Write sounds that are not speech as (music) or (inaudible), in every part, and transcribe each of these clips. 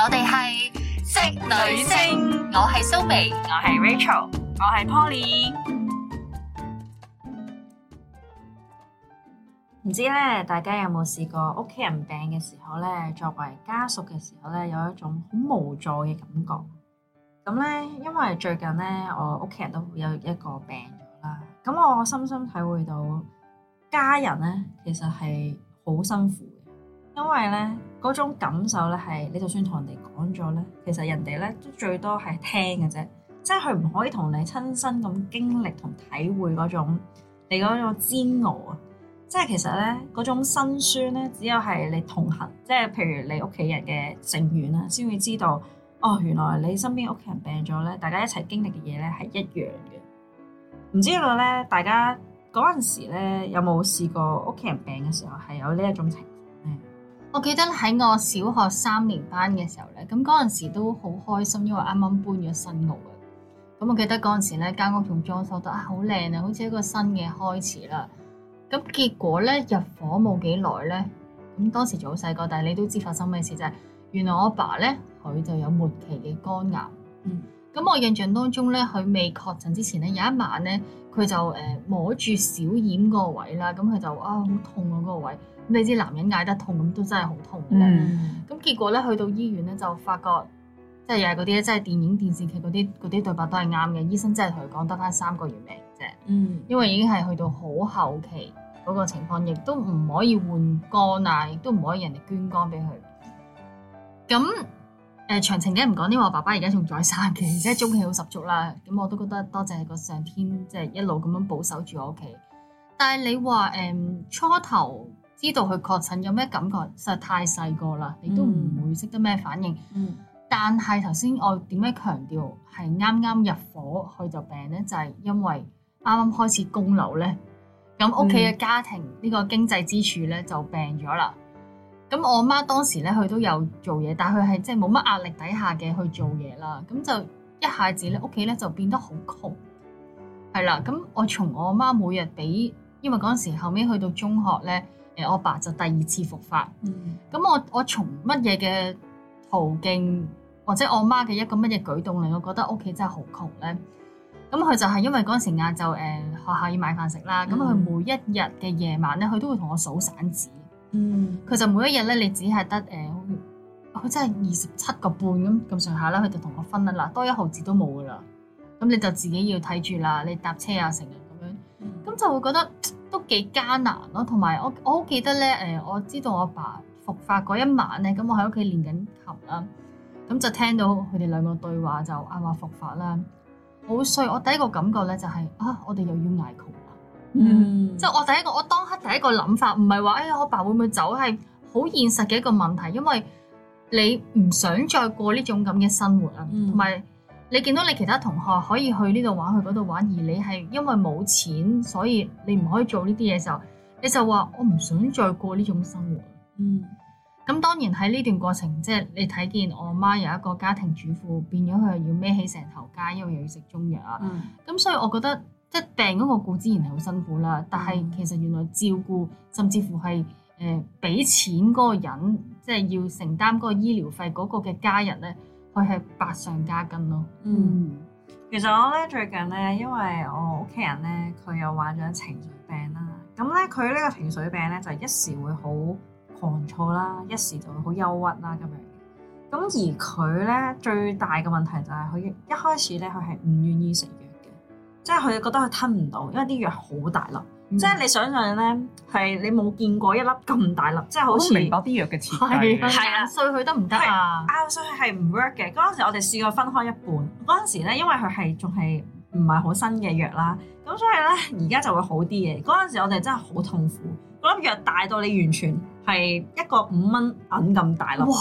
我哋係職女聲，女聲我係蘇眉， (noise) 我係 Rachel， (noise) 我係 Poly。唔知咧，大家有冇試過屋企人病嘅時候咧？作為家屬嘅時候咧，有一種好無助嘅感覺。咁咧，因為最近咧，我屋企人都有一個病咗啦。咁我深深體會到家人咧，其實係好辛苦嘅，因為咧。嗰種感受咧，係你就算同人哋講咗咧，其實人哋咧都最多係聽嘅啫，即係佢唔可以同你親身咁經歷同體會嗰種你嗰種煎熬啊！即係其實咧嗰種辛酸咧，只有係你同行，即係譬如你屋企人嘅成員啦，先會知道哦。原來你身邊屋企人病咗咧，大家一齊經歷嘅嘢咧係一樣嘅。唔知道咧，大家嗰陣時咧有冇試過屋企人病嘅時候係有呢一種情？我記得喺我小學三年班嘅時候咧，咁嗰陣時都好開心，因為啱啱搬咗新屋啊！咁我記得嗰陣時咧，間屋仲裝修得啊好靚啊，好似一個新嘅開始啦。咁結果咧入伙冇幾耐咧，咁當時仲好細個，但係你都知發生咩事就係、是，原來我阿爸咧佢就有末期嘅肝癌。嗯。咁我印象當中咧，佢未確診之前咧，有一晚咧，佢就誒、呃、摸住小掩、啊啊嗰個位啦，咁佢就啊好痛啊嗰個位，你知男人嗌得痛咁都真係好痛嘅、啊。咁、嗯、結果咧去到醫院咧就發覺，即係又係嗰啲咧，即係電影電視劇嗰啲啲對白都係啱嘅。醫生真係同佢講得返三個月命啫，嗯，因為已經係去到好後期嗰個情況，亦都唔可以換肝啊，亦都唔可以人哋捐肝俾佢。咁誒詳、呃、情梗唔講啲，因為我爸爸而家仲在生，嘅，而且中氣好十足啦。咁 (laughs) 我都覺得多謝個上天，即係一路咁樣保守住我屋企。但係你話誒、嗯、初頭知道佢確診有咩感覺？實在太細個啦，你都唔會識得咩反應。嗯。但係頭先我點樣強調係啱啱入伙，佢就病咧？就係、是、因為啱啱開始供樓咧，咁屋企嘅家庭呢、呢個經濟支柱咧就病咗啦。嗯。咁我阿媽當時咧，佢都有做嘢，但係佢係即係冇乜壓力底下嘅去做嘢啦。咁就一下子咧，屋企咧就變得好窮，係啦。咁我從我阿媽每日俾，因為嗰陣時後尾去到中學咧，誒我爸就第二次復發。咁、嗯、我我從乜嘢嘅途徑，或者我媽嘅一個乜嘢舉動令我覺得屋企真係好窮咧？咁佢就係因為嗰陣時晏晝誒學校要買飯食啦。咁佢每一日嘅夜晚咧，佢都會同我數散紙。嗯，佢就每一日咧，你只係得誒，佢、呃、真係二十七個半咁咁上下啦，佢就同我分啦，嗱多一毫子都冇噶啦，咁你就自己要睇住啦，你搭車啊？成日咁樣，咁就會覺得都幾艱難咯。同埋我我好記得咧，誒、呃、我知道我阿爸復發嗰一晚咧，咁我喺屋企練緊琴啦，咁就聽到佢哋兩個對話就啱話復發啦。好衰，我第一個感覺咧就係、是、啊，我哋又要挨窮。嗯，即係我第一個， (noise) 我當刻第一個諗法唔係話誒，我、哎、爸爸會唔會走係好現實嘅一個問題，因為你唔想再過呢種咁嘅生活啊，同埋、嗯、你見到你其他同學可以去呢度玩，去嗰度玩，而你係因為冇錢，所以你唔可以做呢啲嘢嘅時候，嗯、你就話我唔想再過呢種生活。嗯，咁當然喺呢段過程，即係你睇見我媽有一個家庭主婦變咗佢又要孭起成頭家，因為又要食中藥啊，咁、嗯、所以我覺得。即病嗰個固之然係好辛苦啦，但係其實原來照顧甚至乎係誒俾錢嗰個人，即係要承擔嗰個醫療費嗰個嘅家人咧，佢係百上加斤咯。嗯，其實我咧最近咧，因為我屋企人咧，佢又患咗情緒病啦。咁咧佢呢個情緒病咧就一時會好狂躁啦，一時就會好憂鬱啦咁樣。咁而佢咧最大嘅問題就係佢一開始咧佢係唔願意食嘅。即係佢覺得佢吞唔到，因為啲藥好大粒。即係你想象咧，係你冇見過一粒咁大粒，即係好似。明白啲藥嘅設計。係啊，碎佢得唔得啊？拗碎佢係唔 work 嘅。嗰陣時我哋試過分開一半。嗰陣時咧，因為佢係仲係唔係好新嘅藥啦，咁所以咧而家就會好啲嘅。嗰陣時我哋真係好痛苦，嗰粒藥大到你完全係一個五蚊銀咁大粒。哇！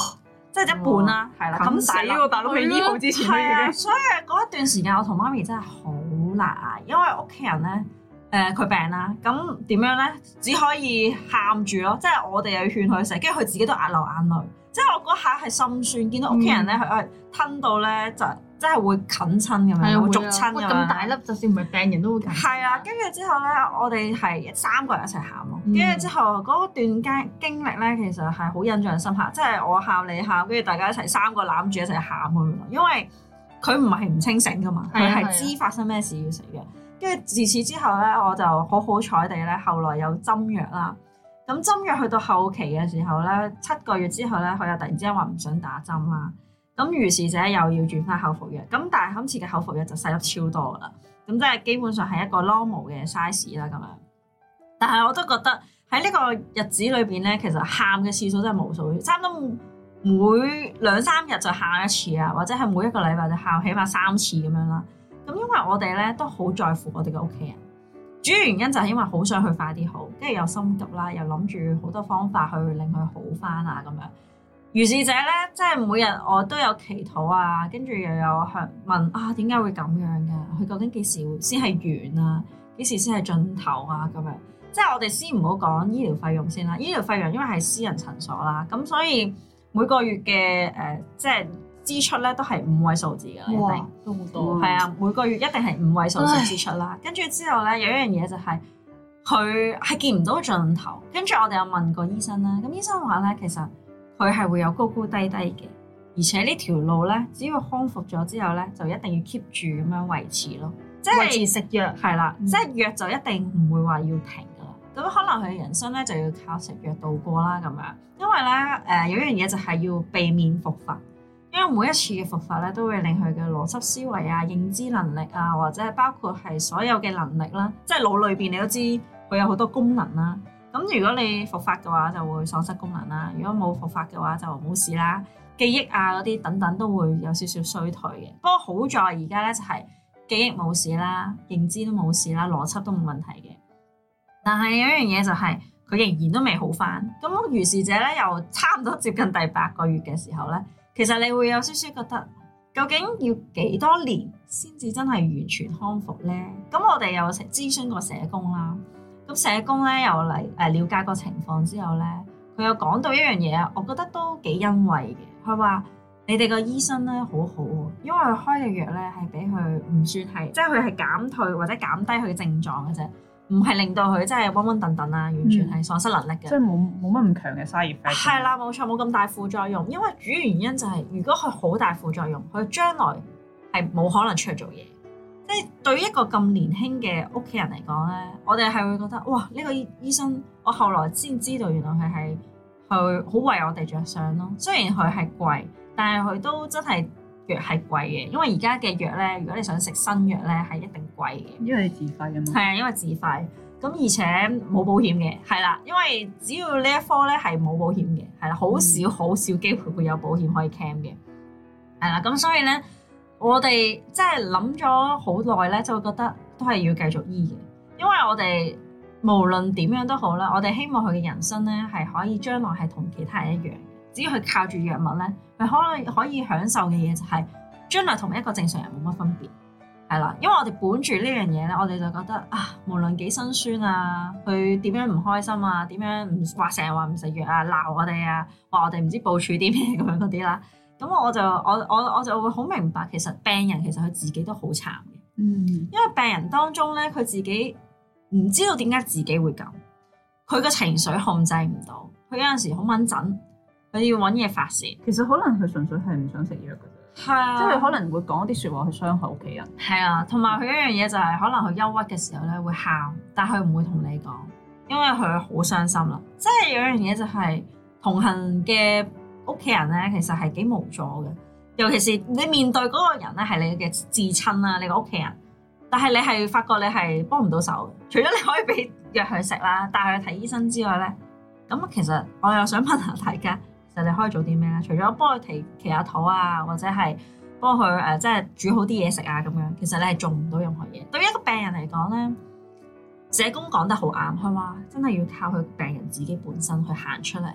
即係一半啦，係啦，冚死喎！大佬去醫好之前都啊。所以嗰一段時間，我同媽咪真係好。嗱，因為屋企人咧，誒、呃、佢病啦，咁點樣咧？只可以喊住咯，即係我哋又要勸佢食，跟住佢自己都流眼淚，即係我嗰下係心酸，見到屋企人咧，佢、嗯、吞到咧就即係會啃親咁樣，會逐親咁。咁大粒，就算唔係病人都會。係啊，跟住之後咧，我哋係三個人一齊喊咯，跟住、嗯、之後嗰段間經歷咧，其實係好印象深刻，即係我喊你喊，跟住大家一齊三個攬住一齊喊咁樣，因為。佢唔係唔清醒噶嘛，佢係知發生咩事要死嘅。跟住自此之後咧，我就好好彩地咧，後來有針藥啦。咁針藥去到後期嘅時候咧，七個月之後咧，佢又突然之間話唔想打針啦。咁如是者又要轉翻口服藥。咁但係今次嘅口服藥就細粒超多噶啦。咁即係基本上係一個 normal 嘅 size 啦咁樣。但係我都覺得喺呢個日子裏邊咧，其實喊嘅次數真係無數，差唔多。每兩三日就喊一次啊，或者係每一個禮拜就喊起碼三次咁樣啦。咁因為我哋咧都好在乎我哋嘅屋企人，主要原因就係因為好想佢快啲好，跟住又心急啦，又諗住好多方法去令佢好返啊咁樣。如是者咧，即係每日我都有祈禱有啊，跟住又有向問啊，點解會咁樣㗎？佢究竟幾時先係完啊？幾時先係盡頭啊？咁樣即係我哋先唔好講醫療費用先啦。醫療費用因為係私人診所啦，咁所以。每個月嘅誒、呃，即係支出咧都係五位數字嘅，一定哇，都好多，係、嗯、啊，每個月一定係五位數字支出啦。跟住 (laughs) 之後咧，有一樣嘢就係佢係見唔到盡頭。跟住我哋有問過醫生啦，咁醫生話咧，其實佢係會有高高低低嘅，而且呢條路咧，只要康復咗之後咧，就一定要 keep 住咁樣維持咯。即係維持食藥係啦，即係了、嗯、藥就一定唔會話要停。咁可能佢嘅人生咧就要靠食藥度過啦，咁樣，因為咧，誒、呃、有一樣嘢就係要避免復發，因為每一次嘅復發咧都會令佢嘅邏輯思維啊、認知能力啊，或者係包括係所有嘅能力啦、啊，即係腦裏邊你都知佢有好多功能啦、啊。咁如果你復發嘅話，就會喪失功能啦、啊；如果冇復發嘅話，就冇事啦、啊。記憶啊嗰啲等等都會有少少衰退嘅。不過好在而家咧就係、是、記憶冇事啦、啊，認知都冇事啦、啊，邏輯都冇問題嘅。但係有一樣嘢就係、是，佢仍然都未好翻，咁如是者咧，又差唔多接近第八個月嘅時候咧，其實你會有少少覺得，究竟要幾多年先至真係完全康復咧？咁我哋又諮詢過社工啦，咁社工咧又嚟，誒，了解個情況之後咧，佢又講到一樣嘢，我覺得都幾欣慰嘅。佢話你哋個醫生咧好好，因為佢開嘅藥咧係俾佢唔算係，即係佢係減退或者減低佢嘅症狀嘅啫。唔係令到佢真係昏昏等等，啊，完全係喪失能力嘅，嗯，即係冇冇乜咁強嘅生熱飛。係啦，冇錯，冇咁大副作用。因為主要原因就係，係，如果佢好大副作用，佢將來係冇可能出嚟做嘢。即係對於一個咁年輕嘅屋企人嚟講咧，我哋係會覺得哇！呢、呢個醫醫生，我後來先知道原來佢係佢好為我哋着想咯。雖然佢係貴，但係佢都真係。藥係貴嘅，因為而家嘅藥咧，如果你想食新藥咧，係一定貴嘅。因為自費啊嘛。係啊，因為自費，咁而且冇保險嘅，係啦，因為只要呢一科咧係冇保險嘅，係啦，好少好、嗯、少機會會有保險可以 claim 嘅，係啦，咁所以咧，我哋即係諗咗好耐咧，就會覺得都係要繼續醫嘅，因為我哋無論點樣都好啦，我哋希望佢嘅人生咧係可以將來係同其他人一樣。只要佢靠住藥物咧，佢可以可以享受嘅嘢就係將來同一個正常人冇乜分別係啦。因為我哋本住呢樣嘢咧，我哋就覺得啊，無論幾辛酸啊，佢點樣唔開心啊，點樣唔話成日話唔食藥啊，鬧我哋啊，話我哋唔知部署啲咩咁樣嗰啲啦。咁、啊、我就我我我就會好明白，其實病人其實佢自己都好慘嘅。嗯，因為病人當中咧，佢自己唔知道點解自己會咁，佢個情緒控制唔到，佢有陣時好敏感。你要揾嘢發泄，其實可能佢純粹係唔想食藥嘅啫，係啊，即係可能會講一啲説話去傷害屋企人。係啊，同埋佢一樣嘢就係、是、可能佢憂鬱嘅時候咧會喊，但係佢唔會同你講，因為佢好傷心啦。即係有樣嘢就係、是、同行嘅屋企人咧，其實係幾無助嘅，尤其是你面對嗰個人咧係你嘅至親啊，你個屋企人，但係你係發覺你係幫唔到手，除咗你可以俾藥佢食啦，帶佢去睇醫生之外咧，咁其實我又想問下大家。就你可以做啲咩咧？除咗幫佢提、騎下肚啊，或者係幫佢誒、啊，即係煮好啲嘢食啊咁樣。其實你係做唔到任何嘢。對於一個病人嚟講咧，社工講得好啱，吖嘛，真係要靠佢病人自己本身去行出嚟，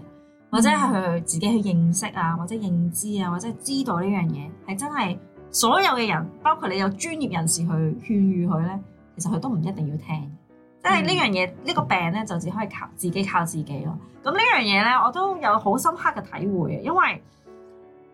或者係佢自己去認識啊，或者認知啊，或者知道呢樣嘢，係真係所有嘅人，包括你有專業人士去勸喻佢咧，其實佢都唔一定要聽。即係呢樣嘢，呢、嗯、個病咧就只可以靠自己靠自己咯。咁呢樣嘢咧，我都有好深刻嘅體會，因為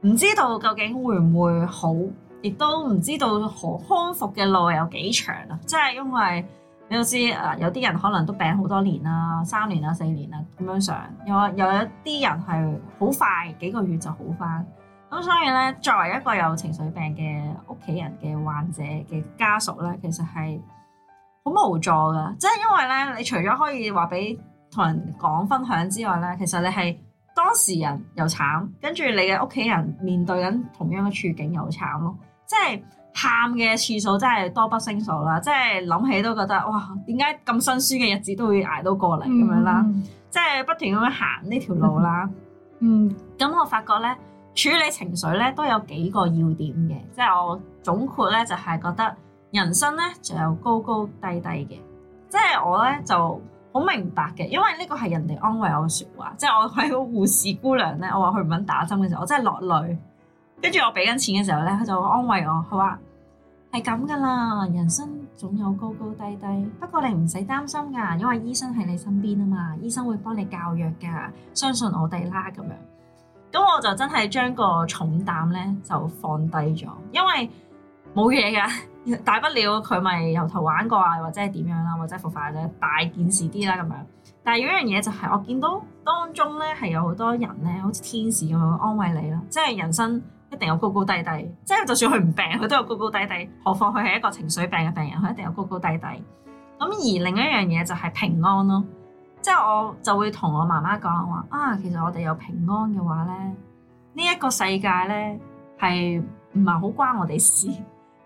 唔知道究竟會唔會好，亦都唔知道好，康復嘅路有幾長啊！即係因為你都知啊，有啲人可能都病好多年啦，三年啦、四年啦咁樣上，又又有啲人係好快幾個月就好翻。咁所以咧，作為一個有情緒病嘅屋企人嘅患者嘅家屬咧，其實係。好無助噶，即係因為咧，你除咗可以話俾同人講分享之外咧，其實你係當事人又慘，跟住你嘅屋企人面對緊同樣嘅處境又慘咯，即係喊嘅次數真係多不勝數啦，即係諗起都覺得哇，點解咁辛酸嘅日子都會捱到過嚟咁樣啦，即係不斷咁樣行呢條路啦。嗯，咁、嗯嗯、我發覺咧處理情緒咧都有幾個要點嘅，即係我總括咧就係、是、覺得。人生咧就有高高低低嘅，即係我咧就好明白嘅，因為呢個係人哋安慰我嘅說話，即係我係個護士姑娘咧，我話佢唔肯打針嘅時候，我真係落淚，跟住我俾緊錢嘅時候咧，佢就安慰我，佢話係咁噶啦，人生總有高高低低，不過你唔使擔心噶，因為醫生喺你身邊啊嘛，醫生會幫你教藥噶，相信我哋啦咁樣，咁我就真係將個重擔咧就放低咗，因為冇嘢噶。大不了佢咪由頭玩過啊，或者係點樣啦，或者係復發啫大件事啲啦，咁樣。但係有一樣嘢就係、是，我見到當中咧係有好多人咧，好似天使咁樣安慰你囉，即係人生一定有高高低低，即係就算佢唔病，佢都有高高低低，何況佢係一個情緒病嘅病人，佢一定有高高低低。咁而另一樣嘢就係平安咯，即係我就會同我媽媽講話啊，其實我哋有平安嘅話咧，呢、這、一個世界咧係唔係好關我哋事。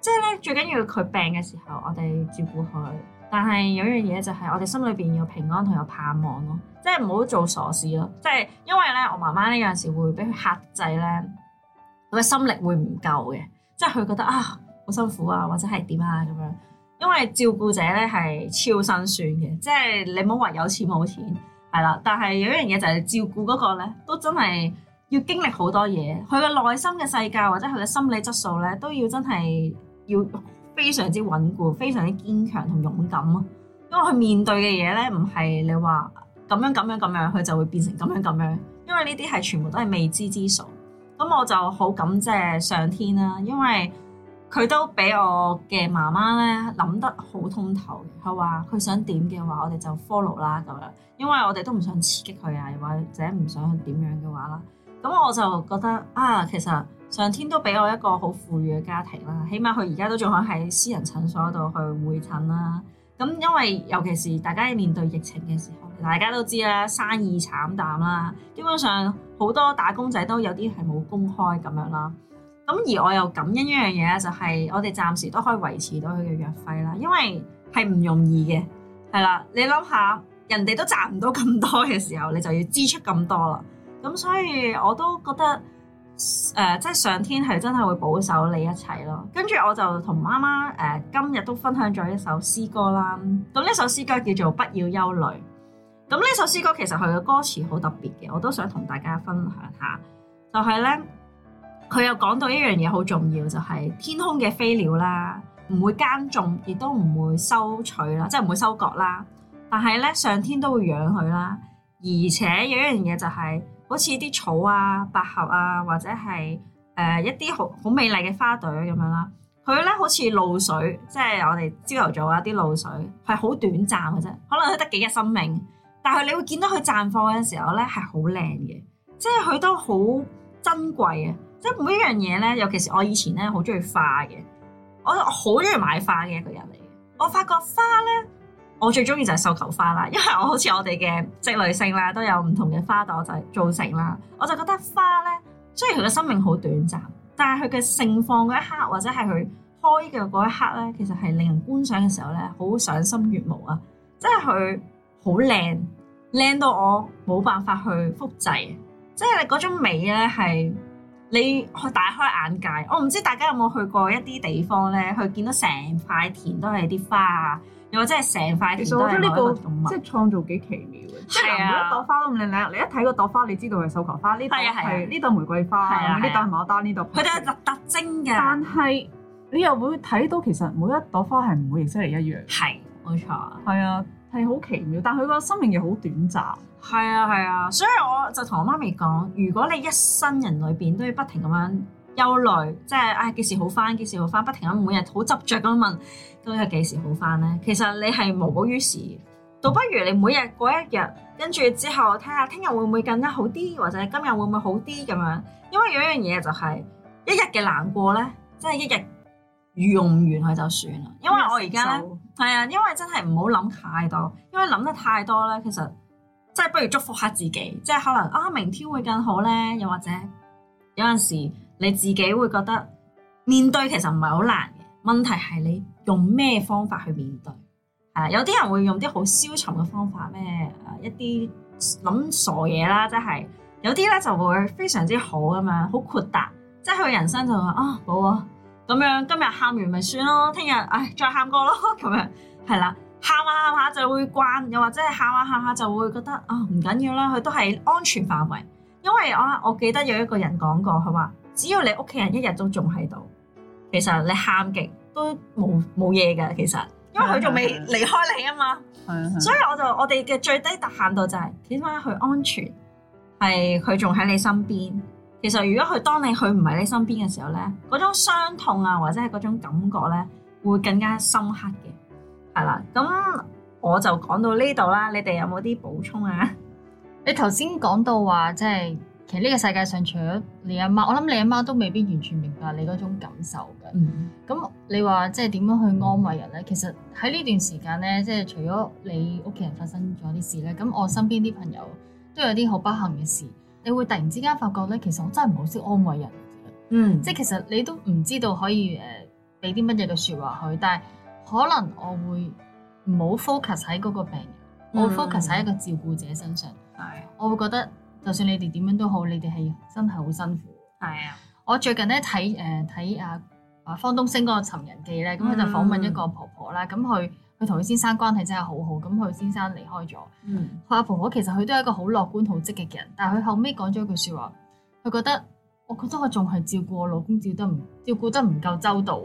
即係咧，最緊要佢病嘅時候，我哋照顧佢。但係有一樣嘢就係，我哋心裏邊有平安同有盼望咯。即係唔好做傻事咯。即係因為咧，我媽媽呢有陣時會俾佢克制咧，佢嘅心力會唔夠嘅。即係佢覺得啊好辛苦啊，或者係點啊咁樣。因為照顧者咧係超辛酸嘅。即係你唔好話有錢冇錢係啦。但係有一樣嘢就係照顧嗰個咧，都真係要經歷好多嘢。佢嘅內心嘅世界或者佢嘅心理質素咧，都要真係。要非常之穩固、非常之堅強同勇敢咯，因為佢面對嘅嘢咧，唔係你話咁樣咁樣咁樣，佢就會變成咁樣咁樣，因為呢啲係全部都係未知之數。咁我就好感謝上天啦，因為佢都俾我嘅媽媽咧諗得好通透。佢話佢想點嘅話，我哋就 follow 啦咁樣，因為我哋都唔想刺激佢啊，或者唔想點樣嘅話啦。咁我就覺得啊，其實。上天都俾我一個好富裕嘅家庭啦，起碼佢而家都仲可喺私人診所度去會診啦。咁因為尤其是大家面對疫情嘅時候，大家都知啦，生意慘淡啦。基本上好多打工仔都有啲係冇工開咁樣啦。咁而我又感恩一樣嘢就係、係、我哋暫時都可以維持到佢嘅藥費啦，因為係唔容易嘅。係啦，你諗下，人哋都賺唔到咁多嘅時候，你就要支出咁多啦。咁所以我都覺得。誒、呃，即係上天係真係會保守你一切咯。跟住我就同媽媽誒今日都分享咗一首詩歌啦。咁呢首詩歌叫做《不要憂慮》。咁呢首詩歌其實佢嘅歌詞好特別嘅，我都想同大家分享下。就係、是、咧，佢又講到一樣嘢好重要，就係、是、天空嘅飛鳥啦，唔會耕種，亦都唔會收取啦，即係唔會收割啦。但係咧，上天都會養佢啦。而且有一樣嘢就係、是。好似啲草啊、百合啊，或者係誒、呃、一啲好好美麗嘅花朵咁樣啦。佢咧好似露水，即係我哋朝頭早啊啲露水，係好短暫嘅啫，可能佢得幾日生命。但係你會見到佢綻放嘅時候咧，係好靚嘅，即係佢都好珍貴嘅。即係每一樣嘢咧，尤其是我以前咧好中意花嘅，我好中意買花嘅一個人嚟嘅。我發覺花咧。我最中意就係繡球花啦，因為我好似我哋嘅積累性啦，都有唔同嘅花朵就係造成啦。我就覺得花咧，雖然佢嘅生命好短暫，但係佢嘅盛放嗰一刻，或者係佢開嘅嗰一刻咧，其實係令人觀賞嘅時候咧，好賞心悅目啊！即係佢好靚，靚到我冇辦法去複製，即係嗰種美咧係你大開眼界。我唔知大家有冇去過一啲地方咧，佢見到成塊田都係啲花啊！又真係成塊，其實我覺得呢個即係創造幾奇妙嘅，即係每一朵花都唔靚靚。你一睇嗰朵花，你知道係繡球花。呢度係呢朵玫瑰花，呢朵牡丹，呢度佢哋係特特徵嘅。但係你又會睇到其實每一朵花係唔會顏色嚟一樣。係冇錯。係啊，係好奇妙，但係佢個生命又好短暫。係啊係啊，所以我就同我媽咪講，如果你一生人裏邊都要不停咁樣。憂慮，即係啊，幾時好翻？幾時好翻？不停咁每日好執着咁問，今日係幾時好翻咧？其實你係無補於事，倒不如你每日過一日，跟住之後睇下聽日會唔會更加好啲，或者今日會唔會好啲咁樣。因為有一樣嘢就係一日嘅難過咧，即係一日用唔完佢就算啦。因為我而家咧，係手啊，因為真係唔好諗太多，因為諗得太多咧，其實即係不如祝福下自己，即係可能啊，明天會更好咧，又或者有陣時。你自己會覺得面對其實唔係好難嘅問題，係你用咩方法去面對係啦、啊。有啲人會用啲好消沉嘅方法，咩、呃、誒一啲諗傻嘢啦，即、就、係、是、有啲呢就會非常之好咁樣，好豁達，即係佢人生就話啊冇啊咁樣。今日喊完咪算咯，聽日唉再喊過咯，咁樣係啦。喊下喊下就會慣，又或者係喊下喊下就會覺得啊唔緊要啦，佢都係安全範圍，因為啊，我記得有一個人講過，佢話。只要你屋企人一日都仲喺度，其實你喊極都冇冇嘢嘅。其實，因為佢仲未離開你啊嘛，是是是所以我就我哋嘅最低達限度就係起碼佢安全，係佢仲喺你身邊。其實，如果佢當你佢唔喺你身邊嘅時候咧，嗰種傷痛啊，或者係嗰種感覺咧，會更加深刻嘅。係啦，咁我就講到呢度啦。你哋有冇啲補充啊？你頭先講到話即係。其實呢個世界上，除咗你阿媽，媽，我諗你阿媽，媽都未必完全明白你嗰種感受㗎。咁、mm hmm. 你話即係點樣去安慰人呢？Mm hmm. 其實喺呢段時間呢，即係除咗你屋企人發生咗啲事呢，咁我身邊啲朋友都有啲好不幸嘅事。你會突然之間發覺呢，其實我真係唔好識安慰人。嗯、mm，hmm. 即係其實你都唔知道可以誒俾啲乜嘢嘅説話佢，但係可能我會唔好 focus 喺嗰個病人，mm hmm. 我 focus 喺一個照顧者身上。係、mm，hmm. 我會覺得。就算你哋點樣都好，你哋係真係好辛苦。係啊呦，我最近咧睇誒睇阿阿方東昇嗰個尋人記咧，咁、嗯、佢、嗯、就訪問一個婆婆啦。咁佢佢同佢先生關係真係好好。咁佢先生離開咗，嗯，佢阿婆婆其實佢都係一個好樂觀、好積極嘅人。但係佢後尾講咗一句説話，佢覺得我覺得我仲係照顧我老公照得唔照顧得唔夠周到。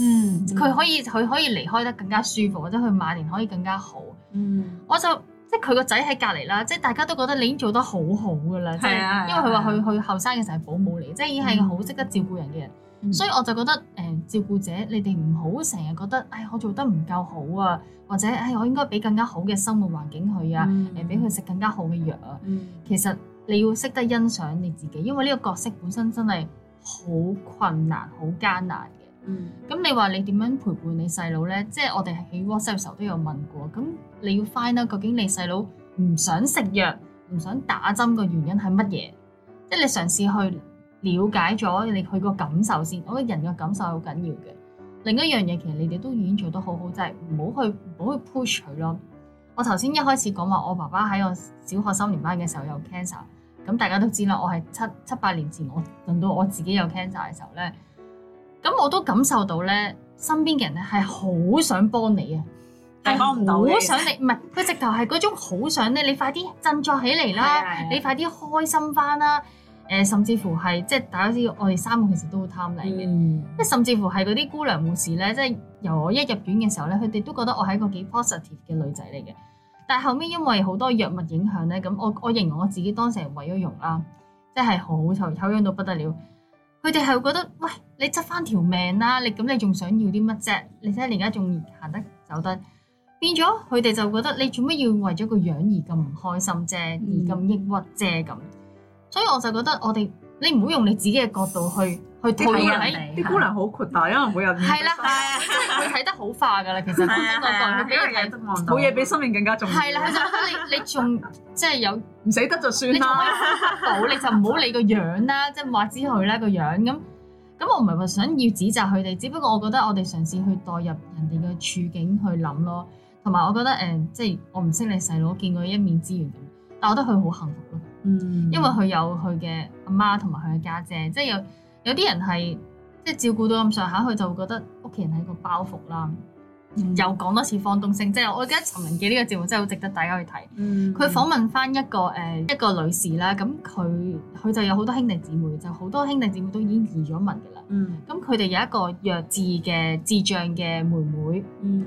嗯，佢、嗯、可以佢可以離開得更加舒服，或者佢晚年可以更加好。嗯，我就。即係佢個仔喺隔離啦，即係大家都覺得你已經做得好好噶啦。係啊，因為佢話佢佢後生嘅時候係保姆嚟，即係已經係好識得照顧人嘅人，嗯、所以我就覺得誒、呃、照顧者，你哋唔好成日覺得誒我做得唔夠好啊，或者誒我應該俾更加好嘅生活環境佢啊，誒俾佢食更加好嘅藥啊。嗯、其實你要識得欣賞你自己，因為呢個角色本身真係好困難、好艱難。咁、嗯、你話你點樣陪伴你細佬咧？即、就、係、是、我哋喺 WhatsApp 嘅時候都有問過。咁你要 find 咧，究竟你細佬唔想食藥、唔想打針嘅原因係乜嘢？即、就、係、是、你嘗試去了解咗你佢個感受先。我個人嘅感受好緊要嘅。另一樣嘢其實你哋都已經做得好好，就係唔好去唔好去 push 佢咯。我頭先一開始講話，我爸爸喺我小學三年班嘅時候有 cancer，咁大家都知啦。我係七七八年前我輪到我自己有 cancer 嘅時候咧。咁我都感受到咧，身邊嘅人咧係好想幫你幫你啊，幫唔到，好想你，唔係佢直頭係嗰種好想咧，你快啲振作起嚟啦， (laughs) 你快啲開心翻啦，誒、呃、甚至乎係即係大家知，我哋三個其實都好貪靚嘅，即係、嗯、甚至乎係嗰啲姑娘護士咧，即係由我一入院嘅時候咧，佢哋都覺得我係一個幾 positive 嘅女仔嚟嘅，但係後尾因為好多藥物影響咧，咁我我形容我自己當時毀咗容啦，即係好醜醜樣到不得了。佢哋係會覺得喂，你執翻條命啦，啊，你咁你仲想要啲乜啫？你睇下你而家仲行得走得變咗，佢哋就覺得你做乜要為咗個樣而咁唔開心啫，嗯、而咁抑鬱啫咁，所以我就覺得我哋你唔好用你自己嘅角度去。佢睇人哋啲姑娘好闊大，因為每日係啦係，即係佢睇得好化㗎啦。其實佢點講佢俾人睇得望到冇嘢，比生命更加重要。係啦，佢就覺得你你仲即係有唔死得就算啦，唔死你就唔好理個樣啦，即係話知佢啦個樣咁咁。我唔係話想要指責佢哋，只不過我覺得我哋嘗試去代入人哋嘅處境去諗咯，同埋我覺得誒即係我唔識你細佬，見過一面之緣，但係我覺得佢好幸福咯，嗯，因為佢有佢嘅阿媽同埋佢嘅家姐，即係有。有啲人係即係照顧到咁上下，佢就會覺得屋企人係個包袱啦。Mm hmm. 又講多次方東升，即、就、係、是、我覺得《尋人記》呢個節目真係好值得大家去睇。佢、mm hmm. 訪問翻一個誒、呃、一個女士啦，咁佢佢就有好多兄弟姊妹，就好多兄弟姊妹都已經移咗民嘅啦。咁佢哋有一個弱智嘅智障嘅妹妹。咁、mm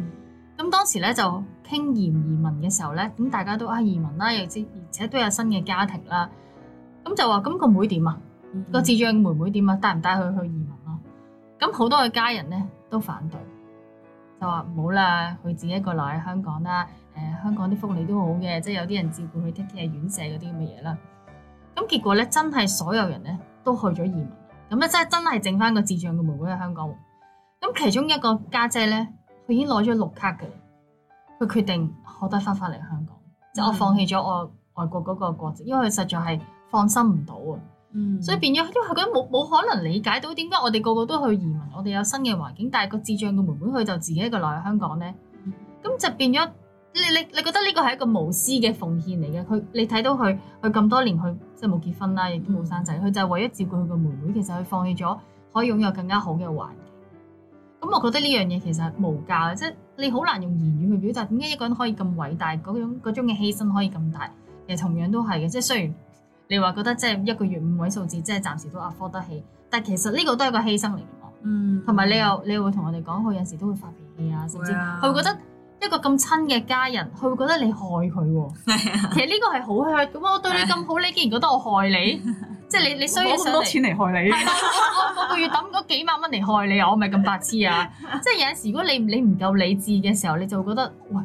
hmm. 當時咧就傾移民嘅時候咧，咁大家都話移民啦，又之而且都有新嘅家庭啦。咁就話咁、那個妹點啊？個智障妹妹點啊？帶唔帶佢去移民啊？咁好多嘅家人咧都反對，就話唔好啦，佢自己一個留喺香港啦。誒、呃，香港啲福利都好嘅，即係有啲人照顧佢、啊，啲嘅院舍嗰啲咁嘅嘢啦。咁結果咧，真係所有人咧都去咗移民，咁咧真係真係剩翻個智障嘅妹妹喺香港。咁其中一個家姐咧，佢已經攞咗綠卡嘅，佢決定可唔可以返返嚟香港？即係我放棄咗我外國嗰個國籍，因為佢實在係放心唔到啊。嗯、所以變咗，因為佢覺得冇冇可能理解到點解我哋個個都去移民，我哋有新嘅環境，但係個智障嘅妹妹佢就自己一個留喺香港咧。咁就變咗，你你你覺得呢個係一個無私嘅奉獻嚟嘅？佢你睇到佢佢咁多年，佢即係冇結婚啦，亦都冇生仔，佢就為咗照顧佢個妹妹，其實佢放棄咗可以擁有更加好嘅環境。咁我覺得呢樣嘢其實無價嘅，即係你好難用言語去表達點解一個人可以咁偉大，嗰種嗰種嘅犧牲可以咁大，其實同樣都係嘅。即係雖然。你話覺得即係一個月五位數字，即係暫時都 afford 得起，但係其實呢個都係個犧牲嚟嘅。嗯，同埋你又、嗯、你又會同我哋講，佢有時都會發脾氣啊，甚至佢覺得一個咁親嘅家人，佢覺得你害佢喎、啊。 (laughs) 其實呢個係好㗎。咁我對你咁好，你竟然覺得我害你， (laughs) 即係你你需要攞咁多錢嚟害你？我我個月抌咗幾萬蚊嚟害你，啊，我咪咁白痴啊！即係有陣時，如果你你唔夠理智嘅時候，你就會覺得喂，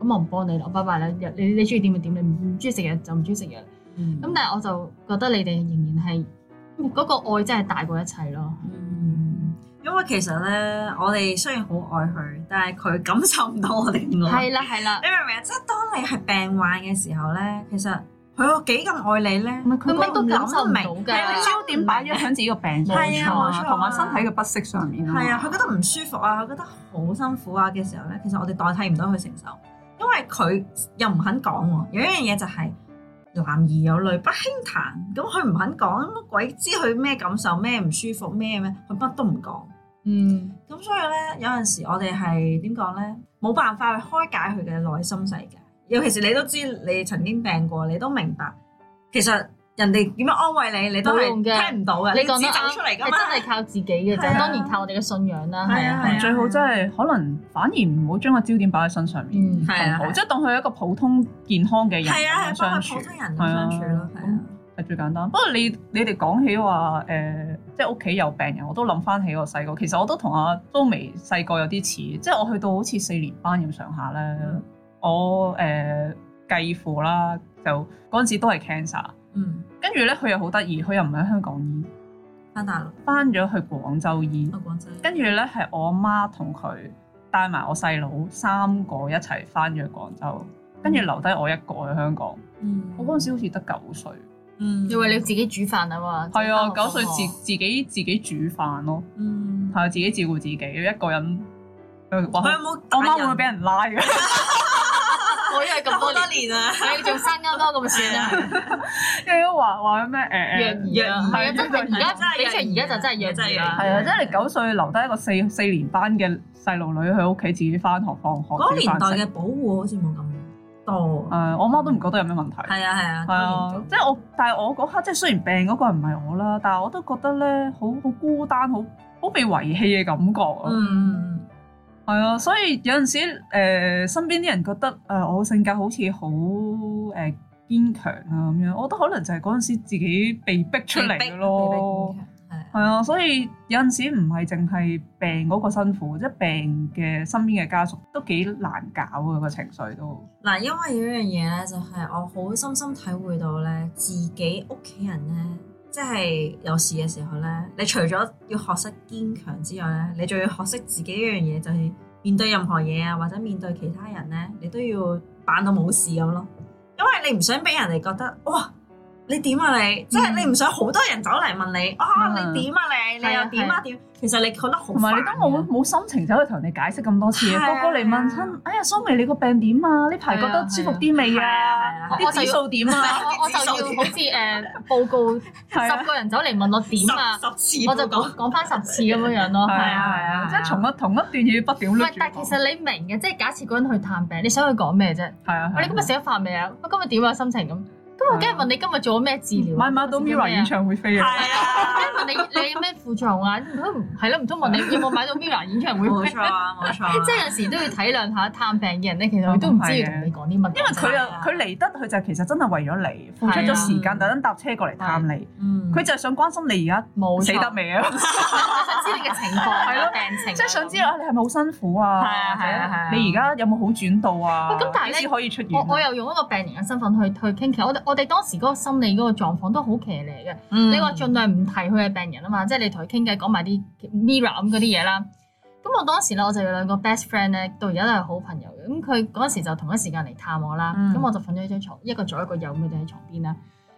咁我唔幫你啦，拜拜啦。你你中意點就點，你唔唔中意食嘢就唔中意食嘢。咁、嗯、但係我就覺得你哋仍然係嗰、嗰個愛真係大過一切咯。嗯，因為其實咧，我哋雖然好愛佢，但係佢感受唔到我哋愛。係啦，係啦。你明唔明啊？即係當你係病患嘅時候咧，其實佢有幾咁愛你咧，佢乜都感受唔到㗎。係啊，焦點擺咗喺自己個病痛上，冇錯，同埋身體嘅不適上面啦。係啊的，佢覺得唔舒服啊，佢覺得好辛苦啊嘅時候咧，其實我哋代替唔到佢承受，因為佢又唔肯講。有一樣嘢就係、是。的男兒有淚不輕彈，咁佢唔肯講，鬼知佢咩感受，咩唔舒服，咩咩，佢乜都唔講。嗯，咁所以咧，有陣時我哋係點講咧，冇辦法去開解佢嘅內心世界。尤其是你都知你曾經病過，你都明白，其實。人哋點樣安慰你，你都係聽唔到嘅。你講得，你真係靠自己嘅啫。當然靠我哋嘅信仰啦。係啊，係最好，真係可能反而唔好將個焦點擺喺身上面咁好，即係當佢一個普通健康嘅人相處。係啊，係，當個普通人相處咯，係最簡單。不過你，你哋講起話誒，即係屋企有病人，我都諗翻起我細個，其實我都同阿蘇眉細個有啲似。即係我去到好似四年班咁上下咧，我誒繼父啦，就嗰陣時都係 cancer。嗯，跟住咧，佢又好得意，佢又唔喺香港醫，翻大陸，翻咗去廣州醫。哦，廣州。跟住咧，係我媽同佢帶埋我細佬三個一齊翻咗去廣州，跟住留低我一個喺香港。嗯，我嗰陣時好似得九歲。嗯，要為你自己煮飯啊嘛？係啊，九歲自自己自己煮飯咯。嗯，係自己照顧自己，要一個人。佢有冇我媽會唔會俾人拉㗎？我以為咁多年啊，你做生勾勾咁算啊？跟住都話話咩誒虐兒啊，係啊，真係而家，而且而家就真係虐兒啊，係啊，即係九歲留低一個四四年班嘅細路女喺屋企自己返學放學。嗰年代嘅保護好似冇咁多。誒，我媽都唔覺得有咩問題。係啊係啊，係啊，即係我，但係我嗰刻即係雖然病嗰個唔係我啦，但係我都覺得咧，好好孤單，好好被遺棄嘅感覺。嗯。係啊，所以有陣時誒、呃、身邊啲人覺得誒、呃、我性格好似好誒堅強啊咁樣，我覺得可能就係嗰陣時自己被逼出嚟咯，係啊對，所以有陣時唔係淨係病嗰個辛苦，即係病嘅身邊嘅家屬都幾難搞啊、個情緒都。嗱，因為有一樣嘢咧，就係我好深深體會到咧，自己屋企人咧。即係有事嘅時候呢，你除咗要學識堅強之外呢，你仲要學識自己一樣嘢，就係面對任何嘢，啊，或者面對其他人呢，你都要扮到冇事咁咯，因為你唔想俾人哋覺得哇。你點啊你？即係你唔想好多人走嚟問你啊？你點啊你？你又點啊點？其實你覺得好煩。同埋你當我冇冇心情走去同你解釋咁多次嘅哥哥嚟問親，哎呀，蘇眉你個病點啊？呢排覺得舒服啲未啊？啲指數點啊？我我就要好似誒報告，十個人走嚟問我點啊？十次我就講講翻十次咁樣樣咯，係啊係啊，即係重一同一段嘢不斷咁。但係其實你明嘅，即係假設個人去探病，你想佢講咩啫？係啊，喂，你今日食咗飯未啊？我今日點啊心情咁。今日梗係問你今日做咗咩治療？買買到 Mirror 演唱會飛啊！係啊，梗係問你你有咩副作用啊？唔通係咯？唔通問你有冇買到 Mirror 演唱會？冇錯啊！冇錯啊！即係有時都要體諒下探病嘅人咧，其實都唔知要同你講啲乜。因為佢又佢嚟得，佢就其實真係為咗嚟，付出咗時間，特登搭車過嚟探你。佢就係想關心你而家冇死得未啊？我想知你嘅情況係咯，即係想知道你係咪好辛苦啊？係啊係啊係啊！你而家有冇好轉到啊？咁點先可以出現我又用一個病人嘅身份去去傾偈。我哋當時嗰個心理嗰個狀況都好騎呢嘅，嗯、你話盡量唔提佢係病人啊嘛，即係你同佢傾偈講埋啲 mirror 咁嗰啲嘢啦。咁 (laughs) 我當時咧我就有兩個 best friend 咧，到而家都係好朋友嘅。咁佢嗰陣時就同一時間嚟探我啦。咁、嗯、我就瞓咗一張床，一個左一個右咁佢哋喺床邊啦。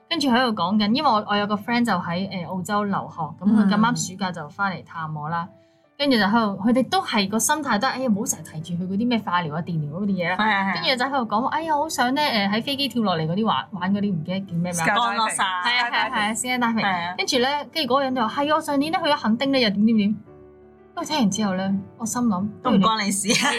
跟住喺度講緊，因為我我有個 friend 就喺誒澳洲留學，咁佢咁啱暑假就翻嚟探我啦。嗯跟住就喺度，佢哋都係個心態都係，哎呀，唔好成日提住佢嗰啲咩化療啊、電療嗰啲嘢啦。跟住就喺度講，哎呀，好想咧，誒喺飛機跳落嚟嗰啲玩玩嗰啲唔記得叫咩名。Skydiving 啊，係啊，係啊，跟住咧，跟住嗰個人就話：係我上年都去咗墾丁咧，又點點點。因為聽完之後咧，我心諗都唔關你事啊！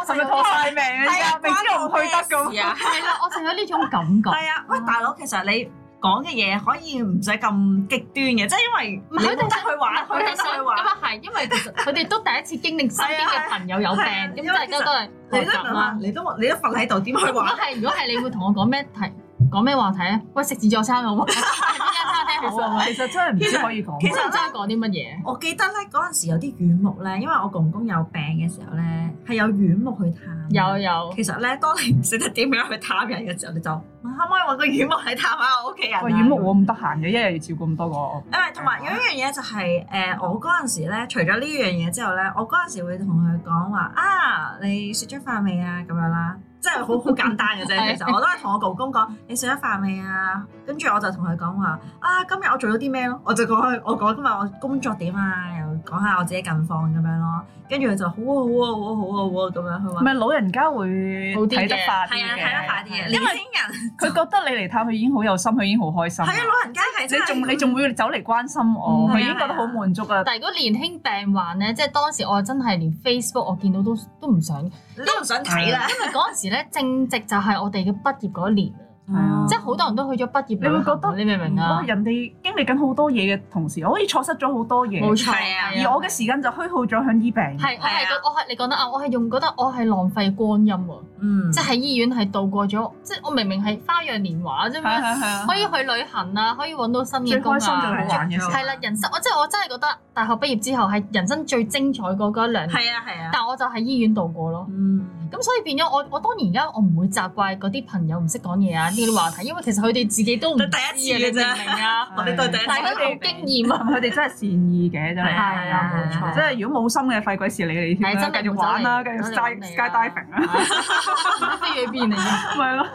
我成日託曬命啊，更加唔去得咁啊！係啦，我就有呢種感覺。係啊！喂，大佬，其實你，講嘅嘢可以唔使咁極端嘅，即係因為唔一定得去玩，佢哋得去玩咁啊，係因為其實佢哋都第一次經歷身邊嘅朋友有病，咁大家都係學習啦。你都你都瞓喺度，點去玩？如果係，如果係，你會同我講咩題？講咩話題咧？喂，食自助餐好？邊間餐廳好？其實真係唔知可以講，其實真係講啲乜嘢？我記得咧嗰陣時有啲軟木咧，因為我公公有病嘅時候咧，係有軟木去探。有有。其實咧，當你唔識得點樣去探人嘅時候，你就。可唔可以揾個院務嚟探下我屋企人啊？個院務我唔得閒嘅，一日要照顧咁多個。誒，同埋有一樣嘢就係誒，我嗰陣時咧，除咗呢樣嘢之後咧，我嗰陣時會同佢講話啊，你食咗飯未啊？咁樣啦，即係好好簡單嘅啫，其實我都係同我公公講，你食咗飯未啊？跟住我就同佢講話啊，今日我做咗啲咩咯？我就講去，我講今日我工作點啊，又講下我自己近況咁樣咯。跟住佢就好好啊，好好啊，好咁樣佢話。唔係老人家會睇得快啲啊，睇得快啲因為年輕人。佢覺得你嚟探佢已經好有心，佢已經好開心。係啊，老人家係。 (music) 你仲還你仲還這樣 會走嚟關心我，佢、 (music) 嗯、已經覺得好滿足啊！但係如果年輕病患咧，即、就、係、是、當時我真係連 Facebook 我見到都都唔想，你都唔想睇啦，因為嗰陣 (laughs) 時咧正值就係我哋嘅畢業嗰年。係啊，即係好多人都去咗畢業，你會覺得你明唔明啊？哇！人哋經歷緊好多嘢嘅同時，我可以錯失咗好多嘢，冇錯啊！而我嘅時間就虛耗咗喺醫病。係，我係你講得啊！我係用覺得我係浪費光陰喎，即係喺醫院係度過咗，即係我明明係花樣年華啫，可以去旅行啊，可以揾到新嘅工，最開心最賺嘅係啦人生，我即係我真係覺得大學畢業之後係人生最精彩嗰嗰兩年，係啊係啊，但我就喺醫院度過咯，咁所以變咗我我當然而家我唔會責怪嗰啲朋友唔識講嘢啊。啲話題，因為其實佢哋自己都唔知第一次啊，你證明啊，我哋對第一次經驗 (laughs) 啊，佢哋真係善意嘅，真係係啊，冇錯，即係如果冇心嘅，廢鬼事理你哋添，真繼續玩啦，啊，繼續 sky, colder, sky diving 啊，私己變你啊，係咯，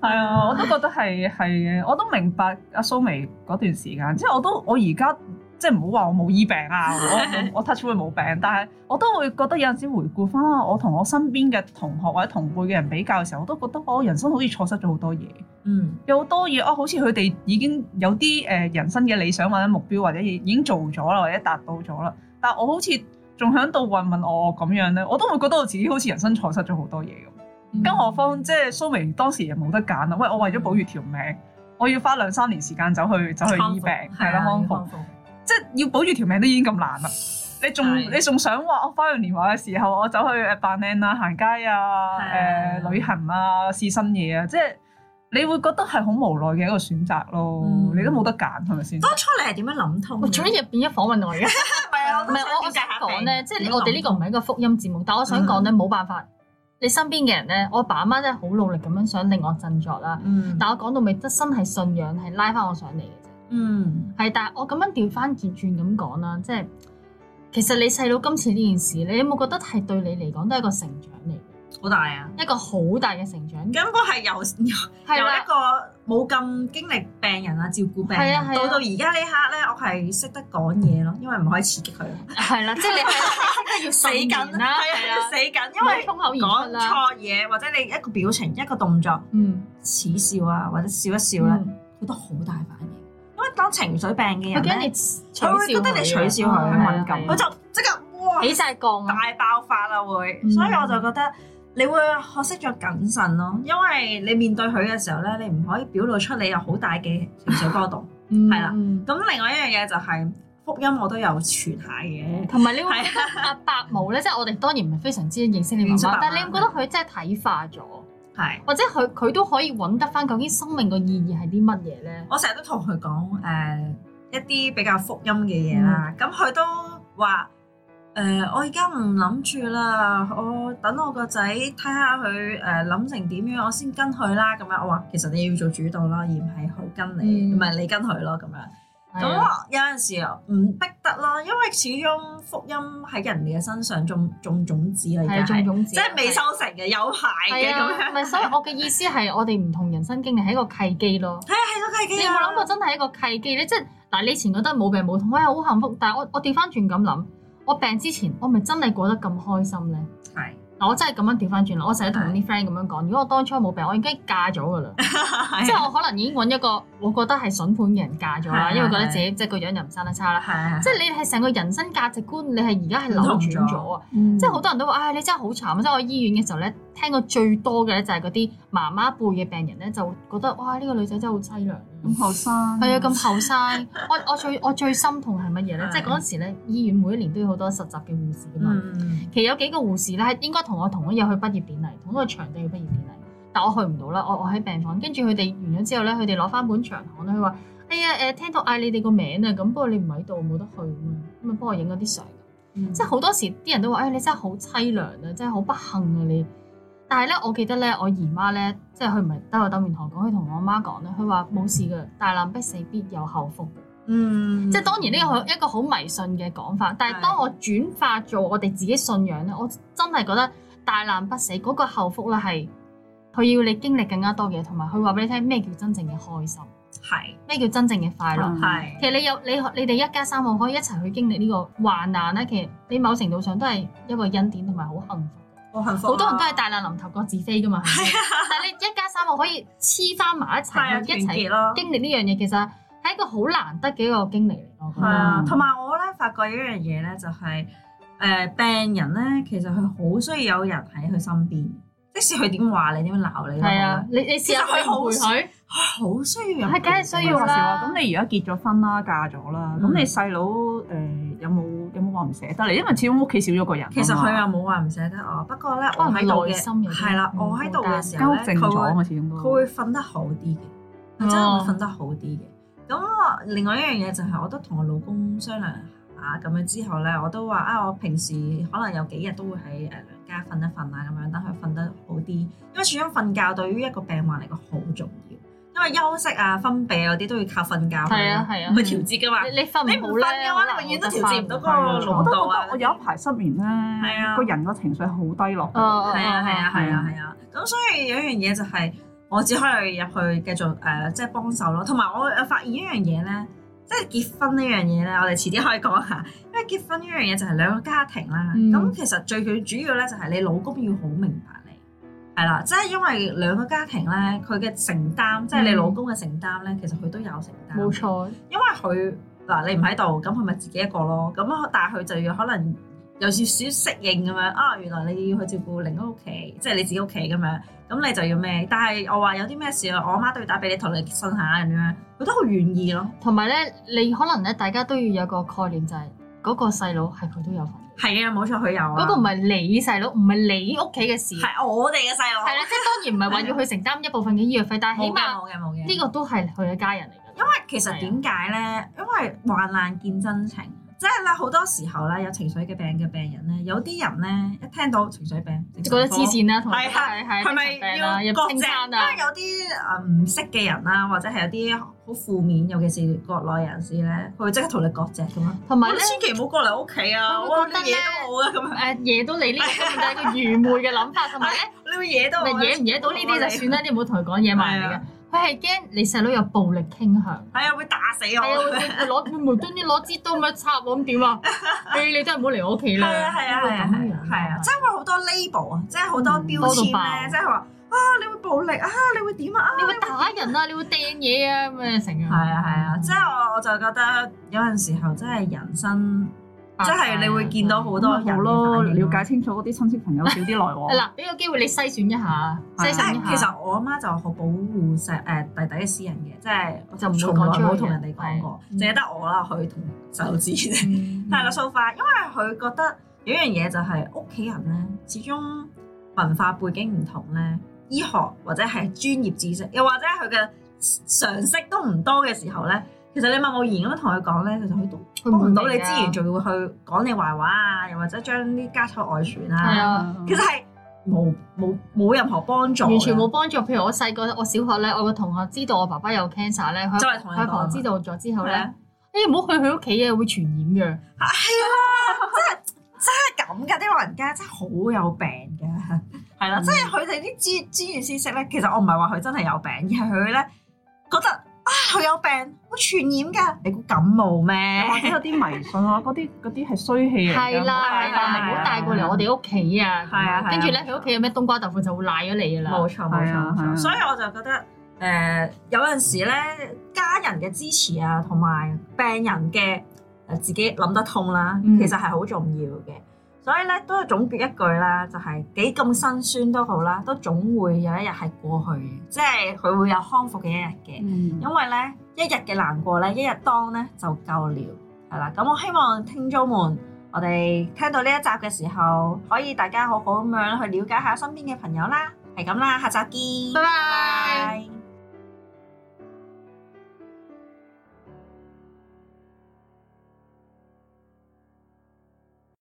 係啊，我都覺得係係，我都明白阿蘇眉嗰段時間，即係我都我而家。即係唔好話我冇醫病啊！我我 touch wood 冇病，但係我都會覺得有陣時回顧返我同我身邊嘅同學或者同輩嘅人比較嘅時候，我都覺得我人生好似錯失咗好多嘢。嗯，有好多嘢啊，好似佢哋已經有啲誒人生嘅理想或者目標或者已經做咗啦，或者達到咗啦。但係我好似仲喺度渾渾噩噩咁樣咧，我都會覺得我自己好似人生錯失咗好多嘢咁。嗯、更何況即係蘇眉當時又冇得揀啊！喂，我為咗保住條命，我要花兩三年時間走去走去醫病，係啦，康復對。即係要保住條命都已經咁難啦，你仲你仲想話我花樣年華嘅時候，我走去誒扮靚啊、行街啊、誒旅行啊、試新嘢啊，即係你會覺得係好無奈嘅一個選擇咯。你都冇得揀，係咪先？當初你係點樣諗通？做乜嘢變咗訪問我而家？唔係我咁講咧，即係我哋呢個唔係一個福音節目，但係我想講咧，冇辦法，你身邊嘅人咧，我爸阿媽真係好努力咁樣想令我振作啦。但係我講到尾，真係信仰係拉翻我上嚟。嗯，係，但係我咁樣調翻結轉咁講啦，即係其實你細佬今次呢件事，你有冇覺得係對你嚟講都係一個成長嚟？好大啊，一個好大嘅成長。咁我係由由一個冇咁經歷病人啊，照顧病人，到到而家呢刻咧，我係識得講嘢咯，因為唔可以刺激佢咯，係啦，即係你係要死緊啦，係死緊，因為講錯嘢，或者你一個表情、一個動作，嗯，恥笑啊，或者笑一笑咧，覺得好大塊。乜，當情緒病嘅人，佢驚你，佢會覺得你取笑佢，敏感對，佢就即刻對哇起晒槓、啊，大爆發啦會。嗯、所以我就覺得你會學識咗謹慎咯，因為你面對佢嘅時候咧，你唔可以表露出你有好大嘅情緒波動，係啦、 (laughs) 嗯。咁另外一樣嘢就係、是、福音，我都有傳下嘅。同埋你會覺得阿伯母咧，即係我哋當然唔係非常之認識你阿伯，你會覺得佢真係睇化咗？係，是或者佢佢都可以揾得翻，究竟生命嘅意義係啲乜嘢咧？我成日都同佢講誒一啲比較福音嘅嘢啦，咁佢、嗯、都話誒、呃、我而家唔諗住啦，我等我個仔睇下佢誒諗成點樣，我先跟佢啦咁樣我。我話其實你要做主導啦，而唔係佢跟你，唔係、嗯、你跟佢咯咁樣。咁有陣時唔逼得啦，因為始終福音喺人哋嘅身上種種種子啦，而家係即係未收成嘅是有排嘅咁樣。唔係，所以我嘅意思係我哋唔同人生經歷係一個契機咯。係啊，係咯，契機、啊。你有冇諗過真係一個契機咧？即係嗱，但你以前覺得冇病冇痛，我又好幸福，但係我我掉翻轉咁諗，我病之前我咪真係過得咁開心咧？我真係咁樣調翻轉啦！我成日同啲 friend 咁樣講，如果我當初冇病，我已經嫁咗噶啦， (laughs) 啊、即係我可能已經揾一個我覺得係筍盤嘅人嫁咗啦， (laughs) 啊、因為覺得自己即係個樣又唔生得差啦。 (laughs) 啊、即係你係成個人生價值觀，你係而家係扭轉咗啊！嗯、即係好多人都話：唉、哎，你真係好慘啊！即係我醫院嘅時候咧。聽過最多嘅咧，就係嗰啲媽媽輩嘅病人咧，就覺得哇呢、呢個女仔真係好凄涼，咁後生，係啊，咁後生。我我最我最心痛係乜嘢咧？是即係嗰陣時咧，醫院每一年都有好多實習嘅護士噶嘛。嗯、其實有幾個護士咧，應該同我同一日去畢業典禮，同一個場地嘅畢業典禮，但我去唔到啦。我我喺病房，跟住佢哋完咗之後咧，佢哋攞翻本長項咧，佢話：哎呀誒、呃，聽到嗌你哋個名啊，咁不過你唔喺度，冇得去咁啊，咁幫我影咗啲相。嗯、即係好多時，啲人都話：哎，你真係好凄涼啊，真係好不幸啊，你。但係咧，我記得咧，我姨媽咧，即係佢唔係兜口兜面同我講，佢同我媽講咧，佢話冇事嘅、嗯、大難不死必有後福。嗯，即係、嗯、當然呢個一個好迷信嘅講法。但係當我轉化做我哋自己信仰咧，我真係覺得大難不死嗰、那個後福咧，係佢要你經歷更加多嘢，同埋佢話俾你聽咩叫真正嘅開心，係咩、嗯、叫真正嘅快樂。係、嗯、其實你有你你哋一家三口可以一齊去經歷呢個患難咧，其實你某程度上都係一個恩典同埋好幸福。好、啊、多人都係大難臨頭各自飛㗎嘛，係啊！ (laughs) 但係你一家三口可以黐翻埋一齊， (laughs) 一齊經歷呢樣嘢，其實係一個好難得嘅一個經歷嚟。我覺得。係啊，同埋我咧發覺一樣嘢咧，就係、是、誒、呃、病人咧，其實佢好需要有人喺佢身邊。即使佢點話你？點樣鬧你？係啊，你你試下佢好佢，啊好需要人。佢梗係需要啦。咁你而家結咗婚啦，嫁咗啦，咁你細佬誒有冇有冇話唔捨得你？因為始終屋企少咗個人。其實佢又冇話唔捨得我，不過咧我喺度嘅心。係啦，我喺度嘅時候咧佢會佢會瞓得好啲嘅，真係瞓得好啲嘅。咁另外一樣嘢就係我都同我老公商量下咁樣之後咧，我都話啊，我平時可能有幾日都會喺誒。加瞓一瞓啊，咁樣等佢瞓得好啲。因為始終瞓覺對於一個病患嚟講好重要，因為休息啊、分泌啊嗰啲都要靠瞓覺，係啊係啊，去調節噶嘛。你瞓唔你唔瞓嘅話，你永遠都調節唔到嗰個濃度啊。我有一排失眠咧，個人個情緒好低落。係啊係啊係啊係啊，咁所以有一樣嘢就係我只可以入去繼續誒，即係幫手咯。同埋我誒發現一樣嘢咧。即係結婚呢樣嘢咧，我哋遲啲可以講下。因為結婚呢樣嘢就係兩個家庭啦。咁、嗯、其實最最主要咧就係你老公要好明白你，係啦。即係因為兩個家庭咧，佢嘅承擔，嗯、即係你老公嘅承擔咧，其實佢都有承擔。冇錯，因為佢，嗱，你唔喺度，咁佢咪自己一個咯。咁但係佢就要可能。有少少適應咁樣啊，原來你要去照顧另一屋企，即係你自己屋企咁樣，咁你就要咩？但係我話有啲咩事啊，我媽都要打俾你同你信下咁樣，佢都好願意咯。同埋咧，你可能咧，大家都要有個概念，就係、是、嗰個細佬係佢都有份。係啊，冇錯，佢有、啊。嗰個唔係你細佬，唔係你屋企嘅事，係我哋嘅細佬。係啦、啊，即係當然唔係話要佢承擔一部分嘅醫藥費，但係起碼冇嘅冇嘅，呢個都係佢嘅家人嚟。因為其實點解咧？啊、因為患難見真情。即係咧，好多時候咧，有情緒嘅病嘅病人咧，有啲人咧一聽到情緒病，就覺得黐線啦，同埋係咪要割蓆？因為有啲誒唔識嘅人啦，或者係有啲好負面，尤其是國內人士咧，佢會即刻同你割蓆咁啊。同埋咧，千祈唔好過嚟屋企啊。過啲嘢都冇啊，咁誒嘢都你呢？但係佢愚昧嘅諗法同埋咧，你會嘢都唔係嘢唔嘢到呢啲就算啦，你唔好同佢講嘢埋嚟嘅。佢係驚你細佬有暴力傾向，係啊，會打死我，係啊，攞無端端攞支刀咁樣插我咁點啊？誒你真係唔好嚟我屋企啦，係啊係啊係啊係啊，即係話好多 label 啊，即係好多標籤咧，即係話啊你會暴力啊，你會點啊，你會打人啊，你會掟嘢啊咁嘅成啊，係啊係啊，即係我我就覺得有陣時候真係人生。即係你會見到好多人咯、嗯，了解清楚嗰啲親戚朋友，少啲來往。係啦 (laughs) ，俾個機會你篩選一下，對篩選一下。其實我阿媽就好保護錫誒弟弟嘅私人嘅，即係就是、我從來冇同人哋講過，淨係、嗯、得我啦可以同手指。但係啦，蘇花，因為佢覺得有一樣嘢就係屋企人咧，始終文化背景唔同咧，醫學或者係專業知識，又或者佢嘅常識都唔多嘅時候咧，其實你默默然咁樣同佢講咧，佢就佢都、嗯、～幫唔到你之餘，仲要去講你壞話啊，又或者將啲家醜外傳啊，其實係冇冇冇任何幫助，完全冇幫助。譬如我細個，我小學咧，我個同學知道我爸爸有 cancer 咧，佢佢同學知道咗之後咧，你唔好去佢屋企啊，會傳染嘅。係啊，真係真係咁噶，啲老人家真係好有病㗎，係啦，即係佢哋啲資資源知識咧，其實我唔係話佢真係有病，而係佢咧覺得。啊！佢有病，會傳染㗎。你估感冒咩？或者有啲迷信啊，嗰啲嗰啲係衰氣啊，係啦係啦唔好帶過嚟我哋屋企啊。係啊，跟住咧，佢屋企有咩冬瓜豆腐就會賴咗你㗎啦。冇錯冇錯。所以我就覺得，誒有陣時咧，家人嘅支持啊，同埋病人嘅自己諗得通啦，其實係好重要嘅。所以咧，都係總結一句啦，就係幾咁辛酸都好啦，都總會有一日係過去，即係佢會有康復嘅一日嘅。嗯、因為咧，一日嘅難過咧，一日當咧就夠了。係啦，咁我希望聽眾們，我哋聽到呢一集嘅時候，可以大家好好咁樣去了解下身邊嘅朋友啦。係咁啦，下集見，拜拜。